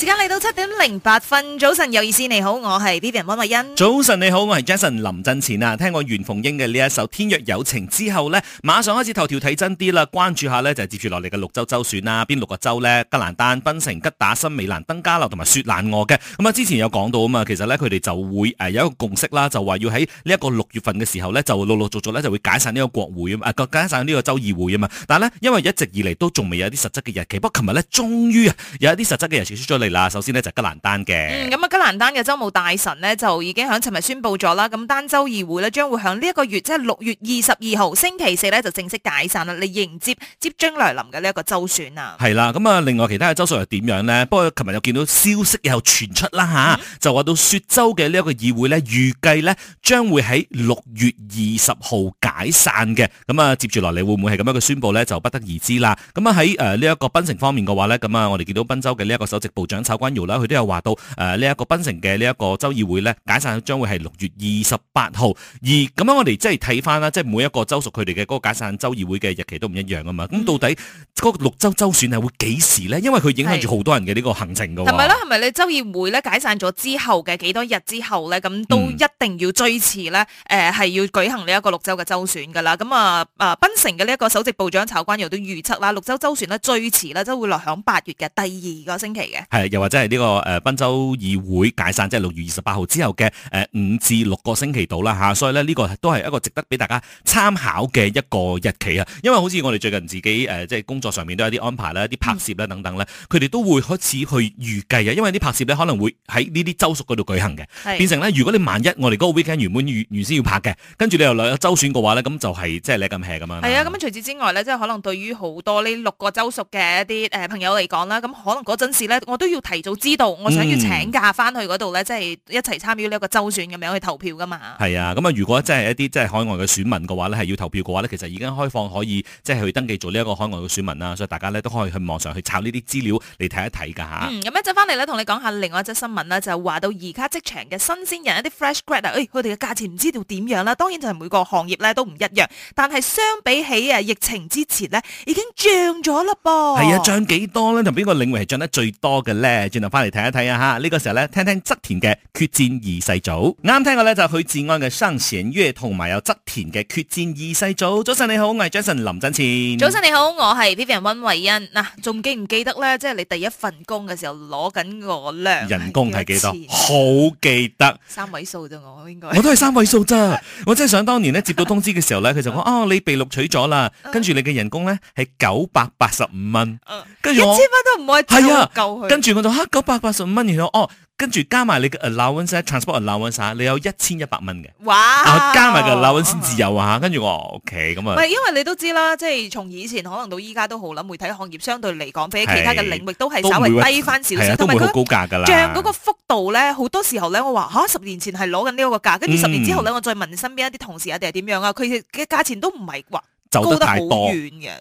時間嚟到七點零八分，早晨有意思，你好，我係 Vivian 溫慧欣。早晨你好，我係 Jason 林振前啊。聽過袁鳳瑛嘅呢一首《天若有情》之後呢，馬上開始頭條睇真啲啦，關注一下呢，就係、是、接住落嚟嘅六州州選啦，邊六個州呢？吉蘭丹、檳城、吉打、森美蘭、登加樓同埋雪蘭莪嘅。咁、嗯、啊，之前有講到啊嘛，其實呢，佢哋就會誒、呃、有一個共識啦，就話要喺呢一個六月份嘅時候呢，就陸陸續續呢，就會解散呢個國會啊，個、呃、解散呢個州議會啊嘛。但係呢，因為一直以嚟都仲未有啲實質嘅日期，不過琴日呢，終於啊有一啲實質嘅日期首先呢、嗯，就、那個、吉蘭丹嘅，咁啊吉蘭丹嘅州務大臣呢，就已經喺尋日宣布咗啦，咁丹州議會呢，將會喺呢一個月，即係六月二十二號星期四呢，就正式解散啦，你迎接接踵來臨嘅呢一個州選啊。係啦、嗯，咁啊另外其他嘅州數又點樣呢？不過尋日又見到消息又傳出啦吓，嗯、就話到雪州嘅呢一個議會咧預計咧將會喺六月二十號解散嘅，咁啊接住嚟會唔會係咁樣嘅宣布呢？就不得而知啦。咁啊喺誒呢一個檳城方面嘅話呢，咁啊我哋見到檳州嘅呢一個首席部長。曹觀友啦，佢都有話到誒呢一個檳城嘅呢一個州議會咧，解散將會係六月二十八號。而咁樣我哋即係睇翻，啦，即係每一個州屬佢哋嘅嗰個解散州議會嘅日期都唔一樣噶嘛。咁到底嗰個六州州選係會幾時咧？因為佢影響住好多人嘅呢個行程噶。係咪啦？係咪你州議會咧解散咗之後嘅幾多日之後咧，咁都一定要追遲咧？誒，係要舉行呢一個六州嘅州選噶啦。咁啊啊，檳城嘅呢一個首席部長曹觀友都預測啦，六州州選咧最遲咧都會落響八月嘅第二個星期嘅。係。又或者係呢個誒賓州議會解散，即係六月二十八號之後嘅誒五至六個星期度啦嚇，所以呢，呢個都係一個值得俾大家參考嘅一個日期啊！因為好似我哋最近自己誒即係工作上面都有啲安排啦、啲拍攝啦等等咧，佢哋、嗯、都會開始去預計啊，因為啲拍攝咧可能會喺呢啲週熟嗰度舉行嘅，係啊，變成咧如果你萬一我哋嗰個 weekend 原本預預先要拍嘅，跟住你又兩周選嘅話咧，咁就係即係你咁 hea 咁樣。係啊，咁除此之外咧，即係可能對於好多呢六個週熟嘅一啲誒、呃、朋友嚟講啦，咁可能嗰陣時咧，我都要。提早知道我想要請假翻去嗰度咧，即係、嗯、一齊參與呢一個周選咁樣去投票噶嘛。係啊，咁啊，如果真係一啲即係海外嘅選民嘅話咧，係要投票嘅話咧，其實已經開放可以即係去登記做呢一個海外嘅選民啦。所以大家咧都可以去網上去查呢啲資料嚟睇一睇噶嚇。咁一陣翻嚟咧，同你講下另外一則新聞啦，就係話到而家職場嘅新鮮人一啲 fresh grad，誒，佢哋嘅價錢唔知道點樣啦。當然就係每個行業咧都唔一樣，但係相比起啊疫情之前咧，已經漲咗啦噃。係啊，漲幾多咧？同邊個領域係漲得最多嘅咧？誒，轉頭翻嚟睇一睇啊吓，呢、呢個時候咧，聽聽側田嘅《決戰二世祖》過呢，啱聽嘅咧就許、係、志安嘅《生前約》，同埋有側田嘅《決戰二世祖》。早晨你好，我係 Jason 林振前。早晨你好，我係 Vivian 溫慧欣。嗱、啊，仲記唔記得咧？即係你第一份工嘅時候攞緊我咧，人工係幾多？次好記得，三位數咋我應該？我都係三位數咋， 我真係想當年呢，接到通知嘅時候咧，佢就講啊、 哦，你被錄取咗啦，跟住你嘅人工咧係九百八十五蚊，跟住、哦、一千蚊都唔可以夠、啊、跟住我。吓，九百八十五蚊，然後哦，跟住加埋你嘅 allowance 啊，transport allowance 啊，你有一千一百蚊嘅。哇，okay，加埋嘅 allowance 先自由啊，跟住我，ok，咁啊，唔係，因為你都知啦，即係從以前可能到依家都好諗，媒體行業相對嚟講，比起其他嘅領域都係稍微低翻少少，都唔會高價噶啦，漲嗰個幅度咧，好多時候咧，我話吓十年前係攞緊呢一個價，跟住十年之後咧，我再問身邊一啲同事啊，定係點樣啊，佢嘅價錢都唔係話。走得太多，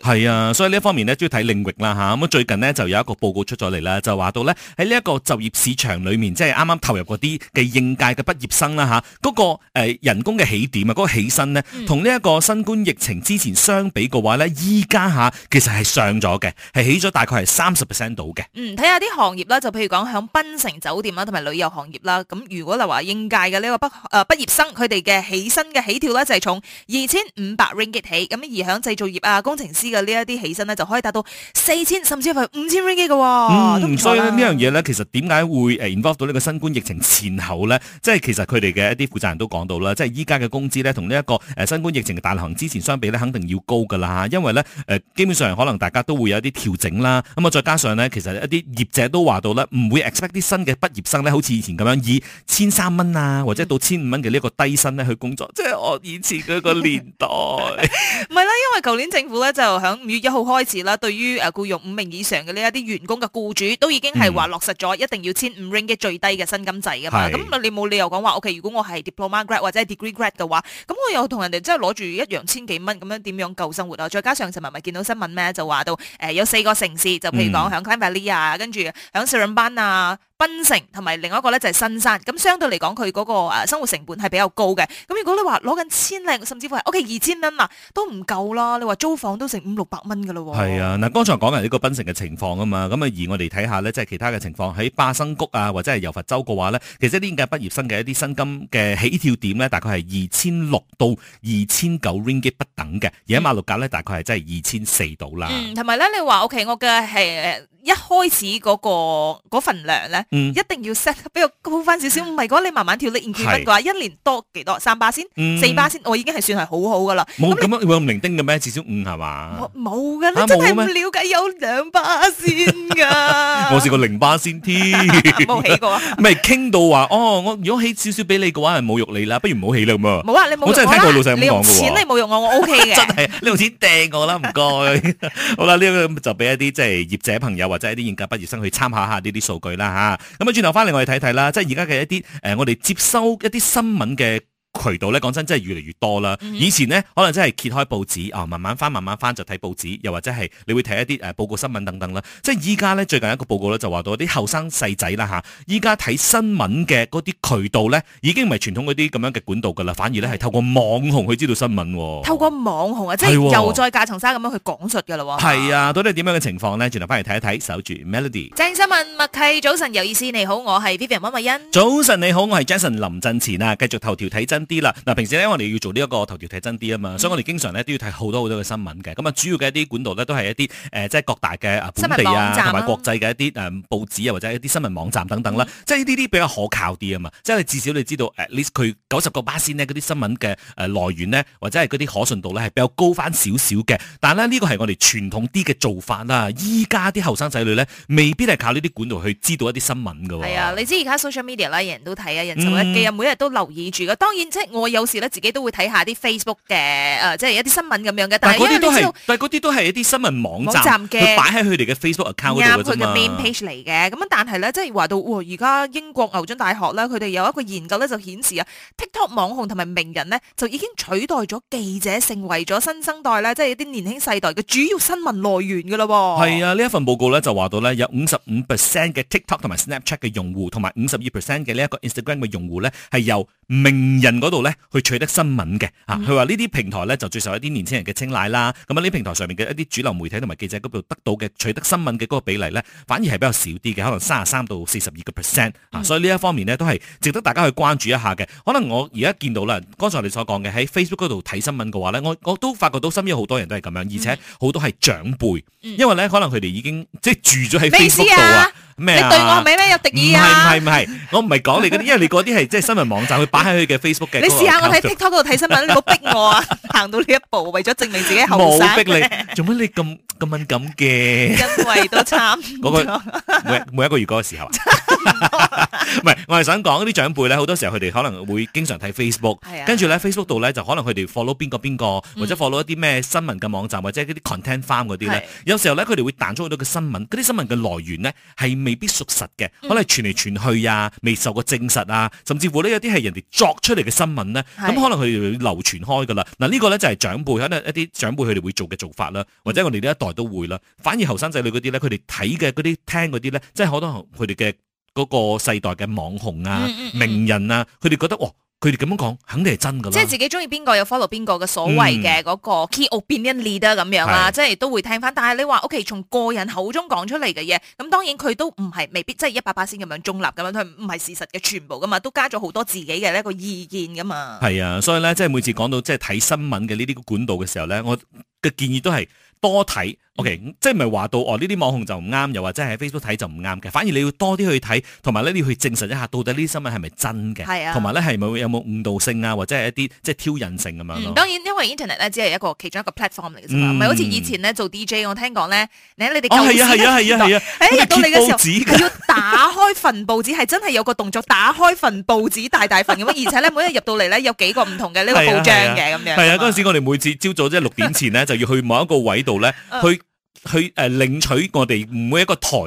係啊，所以呢一方面呢都要睇領域啦，咁啊，啊，最近呢，就有一個報告出咗嚟啦，就話到呢喺呢一個就業市場裏面，即係啱啱投入嗰啲嘅應屆嘅畢業生啦嗰、啊嗰個、呃、人工嘅起點啊，嗰、嗰個起薪呢，同呢一個新冠疫情之前相比嘅話呢，依家下其實係上咗嘅，係起咗大概係三十 percent 到嘅。嗯，睇下啲行業啦，就譬如講喺檳城酒店啦，同埋旅遊行業啦，咁如果嚟話應屆嘅呢個、呃、畢誒畢業生佢哋嘅起薪嘅起跳呢，就係從二千五百 ring 起，咁喺製造業啊，工程師嘅呢一啲起薪呢，就可以達到四千，甚至乎五千令吉嘅。嗯，所以呢樣嘢呢，其實點解會誒 involve 到呢個新冠疫情前後呢？即係其實佢哋嘅一啲負責人都講到啦，即係依家嘅工資呢，同呢一個誒新冠疫情嘅大流行之前相比呢，肯定要高噶啦嚇。因為呢，誒、呃，基本上可能大家都會有一啲調整啦。咁啊，再加上呢，其實一啲業者都話到呢，唔會 expect 啲新嘅畢業生呢，好似以前咁樣以千三蚊啊，或者到千五蚊嘅呢一個低薪呢去工作。即係、嗯、我以前嗰個年代， 因為舊年政府咧就響五月一號開始啦，對於誒僱用五名以上嘅呢一啲員工嘅僱主，都已經係話落實咗一定要千五 ring 嘅最低嘅薪金制㗎嘛。咁是你冇理由講話，OK，如果我係 diploma grad 或者 degree grad 嘅話，咁我又同人哋即係攞住一樣千幾蚊咁樣點樣夠生活啊？再加上尋日咪見到新聞咩，就話到誒、呃、有四個城市，就譬如講響 California 跟住響 Seremban 啊、檳城同埋另一個咧就係新山。咁相對嚟講，佢嗰個生活成本係比較高嘅。咁如果你話攞緊千零，甚至乎係 OK 二千蚊啊，都唔夠。好、哦、啦，你話租房都成五六百蚊㗎咯喎。係啊，嗱，剛才講係呢個檳城嘅情況啊嘛，咁啊，而我哋睇下咧，即係其他嘅情況喺巴生谷啊，或者係柔佛州嘅話咧，其實呢屆畢業生嘅一啲薪金嘅起跳點咧，大概係二千六到二千九 ringgit 不等嘅，嗯、而喺馬六甲咧，大概係真係二千四到啦。同埋咧，你話 OK，我嘅係一開始嗰、嗰個嗰份糧咧，嗯、一定要 set 比較高翻少少，唔係果你慢慢跳，你唔記得嘅話，是一年多幾多三巴仙先，四巴仙先，嗯、我已經係算係好好嘅啦。冇沒你明嘅咩？至少五係嘛？冇噶啦，真係唔瞭解有兩百先噶。我試過零巴先添，冇起過。咪傾到話哦，我如果起少少俾你嘅話，係侮辱你啦，不如唔好起啦咁啊。冇啊，你冇，我真係聽過老細咁講嘅。你錢你冇用我，我 OK 嘅。真係你用錢掟我啦，唔該。好啦，呢個就俾一啲即係業者朋友或者一啲應屆畢業生去參考下呢啲數據啦吓。咁啊，轉頭翻嚟我哋睇睇啦，即係而家嘅一啲誒，我哋接收一啲新聞嘅。渠道咧，講真真係越嚟越多啦。嗯、哼以前呢，可能真係揭開報紙啊、哦，慢慢翻、慢慢翻就睇報紙，又或者係你會睇一啲誒報告新聞等等啦。即係而家呢，最近一個報告咧就話到啲後生細仔啦嚇，依家睇新聞嘅嗰啲渠道呢，已經唔係傳統嗰啲咁樣嘅管道噶啦，反而咧係透過網紅去知道新聞、啊，透過網紅啊，啊即係又再架層沙咁樣去講述噶咯、啊。係啊，啊，到底係點樣嘅情況呢？轉頭翻嚟睇一睇，守住 Melody。j 新 s o 麥契早晨有意思，你好，我係 Pepa 麥麥欣。早晨你好，我係 Jason 林振前啊，繼續頭條睇真啲啦，嗱、嗯、平時咧，我哋要做呢一個頭條睇真啲啊嘛，嗯、所以我哋經常咧都要睇好多好多嘅新聞嘅。咁啊，主要嘅一啲管道咧都係一啲誒、呃，即係各大嘅本地啊，同埋、啊、國際嘅一啲誒、嗯、報紙啊，或者一啲新聞網站等等啦。嗯、即係呢啲比較可靠啲啊嘛，即係、嗯、至少你知道佢九十個巴仙呢嗰啲新聞嘅誒來源呢，或者係嗰啲可信度呢，係比較高返少少嘅。但係咧呢個係我哋傳統啲嘅做法啦。依家啲後生仔女呢，未必係靠呢啲管道去知道一啲新聞㗎喎。係啊，你知而家 social media 啦，人人都睇啊，人手一機啊，嗯、每日都留意住嘅。當然、就，係即係我有時咧，自己都會睇下啲 Facebook 嘅。誒、呃、即係一啲新聞咁樣嘅。但係嗰啲都係，但係啲都係一啲新聞網站，佢擺喺佢哋嘅 Facebook account 佢嘅 main page 嚟嘅。咁樣，但係咧，即係話到，哇！而家英國牛津大學咧，佢哋有一個研究咧，就顯示啊，TikTok 網紅同埋名人咧，就已經取代咗記者，成為咗新生代咧，即係一啲年輕世代嘅主要新聞來源嘅咯。係啊，呢一份報告咧就話到咧，有五十五 percent 嘅 TikTok 同埋 Snapchat 嘅用戶，同埋五十二 percent 嘅呢一個 Instagram 嘅用戶咧，係由名人度咧去取得新聞嘅啊，佢話呢啲平台咧就最受一啲年青人嘅青睞啦。咁啊，呢平台上面嘅一啲主流媒體同埋記者嗰度得到嘅取得新聞嘅嗰個比例咧，反而係比較少啲嘅，可能三十三到四十二個 percent 啊。所以呢一方面咧，都係值得大家去關注一下嘅。可能我而家見到啦，剛才我哋所講嘅喺 Facebook 嗰度睇新聞嘅話咧，我我都發覺到身邊好多人都係咁樣，而且好多係長輩，因為咧可能佢哋已經即係住咗喺 Facebook 度啊。咩啊？你對我係咪咧有敵意啊？唔係唔係唔係，我唔係講你嗰啲，因為你嗰啲係即係新聞網站，佢擺喺佢嘅 Facebook 嘅。嗯、你試下我喺 TikTok 嗰度睇新聞，你好逼我啊！行到呢一步，為咗證明自己後生。冇逼你，做咩你咁咁敏感嘅？ 因為都差。年嗰、 嗰個、每每一個月嗰個時候、啊。 唔係， 我係想講啲長輩咧，好多時候佢哋可能會經常睇 Facebook，跟住咧 Facebook 度咧就可能佢哋 follow 邊個邊個，嗯、或者 follow 一啲咩新聞嘅網站，或者一啲 content farm 嗰啲咧。是有時候咧，佢哋會彈出好多嘅新聞，嗰啲新聞嘅來源呢，係未必屬實嘅，嗯、可能傳嚟傳去啊，未受過證實啊，甚至乎呢，有啲係人哋作出嚟嘅新聞呢，咁是可能佢哋流傳開噶啦。嗱呢個呢，就係、是、長輩可能一啲長輩佢哋會做嘅做法啦，或者我哋呢一代都會啦。嗯、反而後生仔女嗰啲呢，佢哋睇嘅嗰啲聽嗰啲呢，即係好多佢哋嘅。嗰個世代嘅網紅啊、嗯嗯嗯名人啊，佢哋覺得，哦，佢哋咁樣講，肯定係真㗎啦。即係自己中意邊個，有 follow 邊個嘅所謂嘅嗰個 key opinion leader 咁樣啦、啊，嗯、即係都會聽翻。但係你話，OK，從個人口中講出嚟嘅嘢，咁當然佢都唔係未必，即係一百巴仙咁樣中立咁樣，佢唔係事實嘅全部噶嘛，都加咗好多自己嘅一個意見噶嘛。係啊，所以咧，即係每次講到即係睇新聞嘅呢啲管道嘅時候咧，我嘅建議都係多睇。即係唔係話到哦，呢啲網紅就唔啱，又或者係喺 Facebook 睇就唔啱嘅。反而你要多啲去睇，同埋咧你要去證實一下，到底呢啲新聞係咪真嘅？係啊。同埋咧係咪有冇誤導性啊？或者係一啲即係挑釁性咁樣咯。當然，因為 Internet 咧只係一個其中一個 platform 嚟嘅啫嘛，唔係好似以前咧做 DJ。我聽講咧，你哋哦，係啊係啊係啊係啊，誒入到嚟嘅時候，佢要打開份報紙，係真係有個動作打開份報紙，大大份咁，而且咧，每日入到嚟咧有幾個唔同嘅呢個報章嘅咁樣。係啊，嗰陣時我哋每次朝早即係六點前咧就要去某一個位度咧去。去誒，領取我哋每一個台，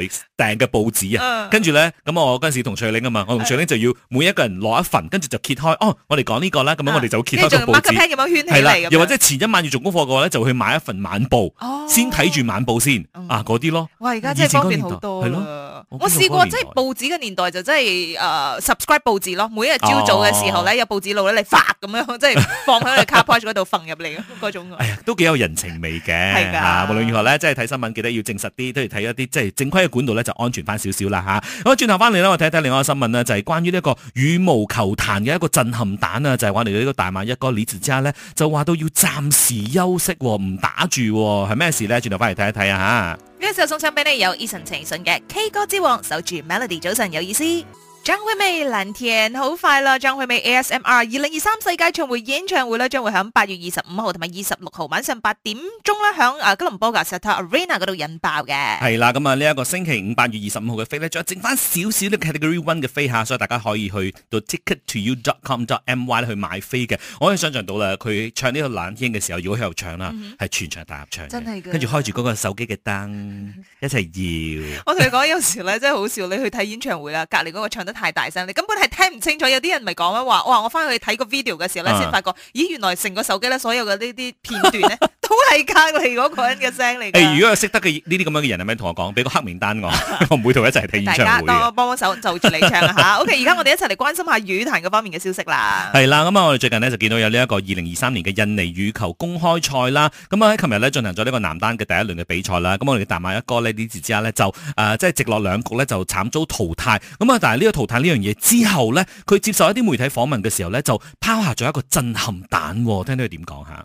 訂嘅報紙啊，跟住咧，咁我嗰陣時同翠玲啊嘛，我同翠玲就要每一個人攞一份，跟住就揭開，哦，我哋講呢個啦，咁樣我哋就揭開個報紙。係啦，又或者前一晚要做功課嘅話咧，就去買一份晚報，先睇住晚報先啊，嗰啲咯。哇，而家真係方便好多，係咯。我試過即係報紙嘅年代就真係誒 subscribe 報紙咯，每一日朝早嘅時候咧，有報紙佬咧你發咁樣，即係放喺佢 c a r page 嗰度瞓入嚟嗰種。哎呀，都幾有人情味嘅，係噶。無論如何咧，即係睇新聞記得要證實啲，都要睇一啲即係正規嘅管道咧安全翻少少啦嚇。好，轉頭翻嚟咧，我睇睇另外嘅新聞，另外個新聞咧，就係、是、關於呢個羽毛球壇嘅一個震撼彈啊，就係嚟到呢個大馬一哥李梓嘉之後咧，就話到要暫時休息，唔打住，係咩事咧？轉頭翻嚟睇一睇啊嚇！呢一首送贈俾你，有 Eason 情信嘅 K 歌之王，守住 Melody，早晨有意思。張惠妹冷田好快啦！張惠妹 ASMR 二零二三世界巡迴演唱會咧，將會響八月二十五號同埋二十六號晚上八點鐘咧，響誒吉隆坡 Axiata Arena 度引爆嘅。係啦，咁啊呢一個星期五八月二十五號嘅飛咧，仲有剩翻少少啲 Category One 嘅飛吓，所以大家可以去到 t i c k e t to y o u c o m m y 去買飛嘅。我可以想象到啦，佢唱呢個冷天嘅時候，如果喺度唱啦，係、嗯、哼全場大合唱，跟住開住嗰個手機嘅燈一齊搖。 我同你講，有時咧真係好笑，你去睇演唱會啦，隔籬嗰個唱得太大聲，你根本係聽唔清楚。有啲人咪講啊話，哇！我翻去睇個 video 嘅時候咧，先發覺，啊、咦，原來成個手機咧，所有嘅呢啲片段咧， 都係隔籬嗰個人嘅聲嚟。嘅、哎。如果識得嘅呢啲咁樣嘅人係咪同我講，俾個黑名單我， 我唔會同佢一齊睇演唱會。大家幫我手，就住你唱啊吓 ，OK？而家我哋一齊嚟關心下羽壇嗰方面嘅消息啦。係啦，咁啊，我哋最近呢，就見到有呢一個二零二三年嘅印尼羽球公開賽啦。咁啊喺琴日咧進行咗呢個男單嘅第一輪嘅比賽啦。咁我哋嘅大馬一哥呢，呢次之下呢，呃、就誒，即係直落兩局呢，就慘遭淘汰。咁啊，但係呢、這個談呢樣嘢之後呢，佢接受一啲媒體訪問嘅時候呢，就拋下咗一個震撼彈喎。聽到佢點講下。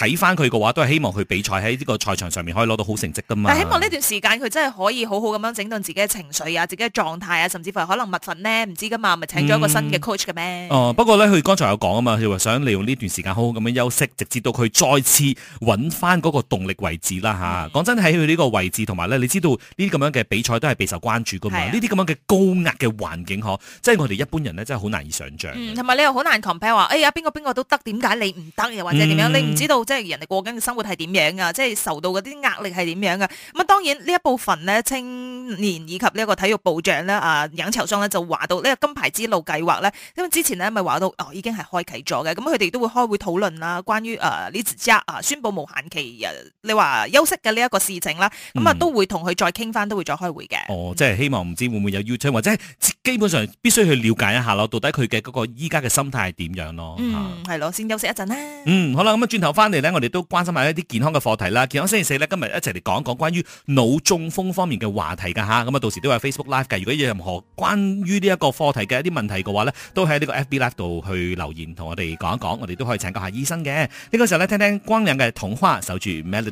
睇翻佢嘅話，都係希望佢比賽喺呢個賽場上面可以攞到好成績噶嘛。但希望呢段時間佢真係可以好好咁樣整頓自己嘅情緒啊、自己嘅狀態啊，甚至乎可能密訓呢唔知噶嘛，咪請咗一個新嘅 coach 嘅咩、嗯哦？不過呢，佢剛才有講啊嘛，佢話想利用呢段時間好好咁樣休息，直至到佢再次揾翻嗰個動力位置啦嚇。講、啊嗯、真，喺佢呢個位置同埋呢，你知道呢咁樣嘅比賽都係備受關注噶嘛？呢啲咁樣嘅高壓嘅環境呵，即、啊、係、就是、我哋一般人咧真係好難以想像。同埋、嗯、你又好難 compare 話，哎呀邊個邊個都得，點解你唔得又或者點樣？嗯、你唔知道。即係人哋過緊嘅生活係點樣啊！即係受到嗰啲壓力係點樣噶？咁啊，當然呢一部分咧，青年以及呢一個體育部長咧啊，楊籌雙咧就話到呢個金牌之路計劃咧，因為之前咧咪話到哦，已經係開啟咗嘅。咁佢哋都會開會討論啦，關於誒呢一啊宣布無限期啊、呃，你話休息嘅呢一個事情啦，咁啊、嗯、都會同佢再傾翻，都會再開會嘅。哦，即係希望唔知會唔會有 U turn，或者基本上必須去了解一下咯，到底佢嘅嗰個依家嘅心態係點樣咯？嗯，係咯，先休息一陣啦。嗯，好啦，咁啊轉頭翻嚟咧，我哋都關心埋一啲健康嘅課題啦。健康星期四咧，今日一齊嚟講一講關於腦中風方面嘅話題噶吓。咁啊，到時都有 Facebook Live 嘅。如果有任何關於呢一個課題嘅一啲問題嘅話咧，都喺呢個 FB Live 度去留言，同我哋講一講。我哋都可以請教下醫生嘅。呢個時候咧，聽聽光影嘅同花守住 Melody。